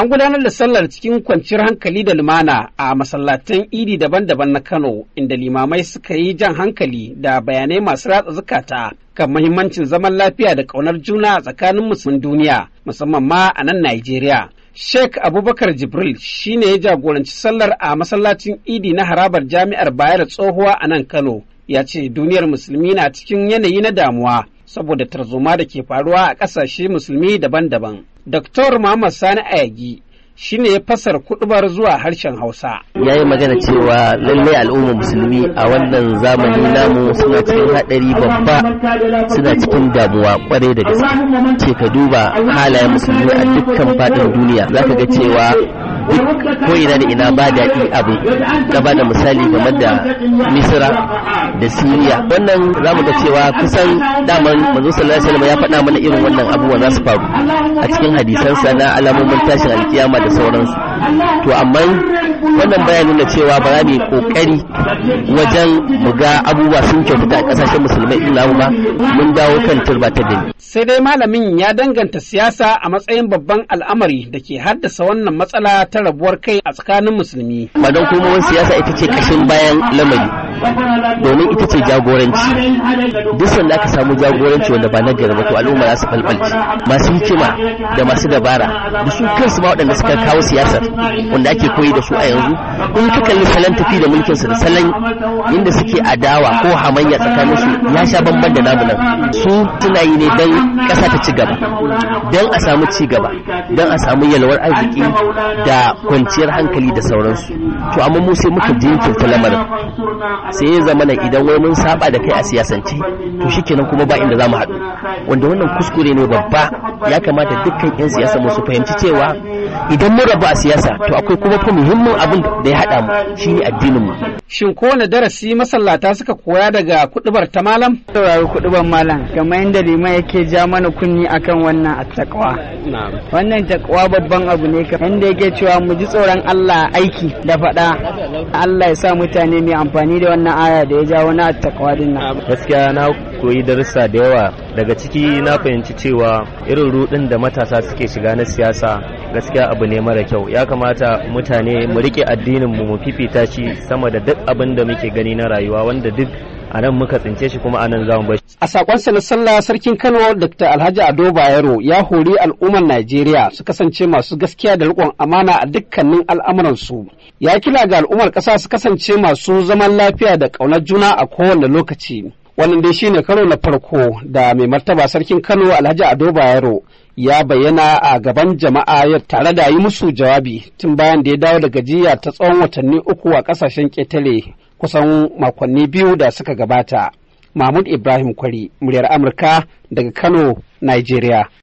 An gudanar da sallar cikin kwanciyar hankali da lumana a masallatan idi daban-daban na Kano, inda limamai suka yi jan hankali da bayanai masu ratsa zukata kan mahimmancin zaman lafiya da ƙaunar juna a tsakanin musulmin duniya, musamman ma a nan Najeriya. Sheikh Abubakar Jibril shi ne ya jagoranci sallar a masallacin idi na harabar jami'ar Bayar Tsohuwa a nan Kano. Ya ce duniyar musulmi na cikin yanayi na damuwa saboda tarzoma da ke faruwa a ƙasashe musulmi daban-daban. Dr. Muhammad Sani Ayagi shi ne ya fasar kuɗubar zuwa harshen Hausa. Ya yi magana cewa lallai al'ummar musulmi a wannan zamani namu suna cikin haɗari babba suna cikin damuwa kwarai da gaske. Ce ka duba halayen musulmi a dukkan faɗin duniya za ka ga cewa ko ina da ina ba daɗi abu ba da misali game da misira da siriya wannan za mu ga cewa kusan damar manzo sallallahu alaihi ya faɗa mana irin wannan abubuwa za su faru a cikin hadisansa na alamomin tashin alkiyama da sauransu to amma wannan baya nuna cewa ba za mu yi kokari wajen mu ga abubuwa sun kyautata a kasashen musulmai illa ba mun dawo kan turba ta sai dai malamin ya danganta siyasa a matsayin babban al'amari da ke haddasa wannan matsala ta rabuwar kai a tsakanin musulmi ba don komawar siyasa ita ce kashin bayan lamari domin ita ce jagoranci duk sanda aka samu jagoranci wanda ba na gari ba to al'umma za su falfalci masu hikima da masu dabara da su kansu ma waɗanda suka kawo siyasar wanda ake koyi da su a yanzu in ka kalli salon tafi da mulkin su da salon inda suke adawa ko hamayya tsakanin su ya sha bamban da namu nan su suna yi ne don ƙasa ta ci gaba don a samu ci gaba don a samu yalwar arziki da kwanciyar hankali da sauransu to amma mu sai muka jinkirta lamarin sai ya zama na idan wai mun saba da kai a siyasance to shikenan kuma ba inda za mu haɗu wanda wannan kuskure ne babba ya kamata dukkan 'yan siyasa mu su fahimci cewa idan mun rabu a siyasa to akwai kuma fa muhimmin abin da ya haɗa mu shine addinin mu shin kowane darasi masallata suka koya daga kuɗubar ta malam saurari kudubar malam kamar yadda liman yake ja mana kunni akan wannan attaqwa wannan takwa babban abu ne inda yake cewa mu ji tsoron Allah aiki da faɗa Allah ya sa mutane mai amfani da wannan aya da ya ja wani attaqwa din gaskiya na koyi darussa da yawa daga ciki na fahimci cewa irin rudin da matasa suke shiga na siyasa gaskiya abu ne mara kyau ya kamata mutane mu rike addinin mu mu fifita shi sama da duk abin da muke gani na rayuwa wanda duk a nan muka tsince shi kuma anan nan za mu bar A sakon na sallah sarkin Kano Dr. Alhaji Ado Bayero ya hori al'ummar Najeriya su kasance masu gaskiya da riƙon amana a dukkanin al'amuransu. Ya kila ga al'ummar ƙasa su kasance masu zaman lafiya da ƙaunar juna a kowane lokaci. wannan dai shine karo na farko da mai martaba sarkin kano alhaji ado bayero ya bayyana a gaban jama'a ya tare da yi musu jawabi tun bayan da ya dawo da gajiya ta tsawon watanni uku a kasashen ketare kusan makonni biyu da suka gabata mahmud ibrahim kwari muryar amurka daga kano nigeria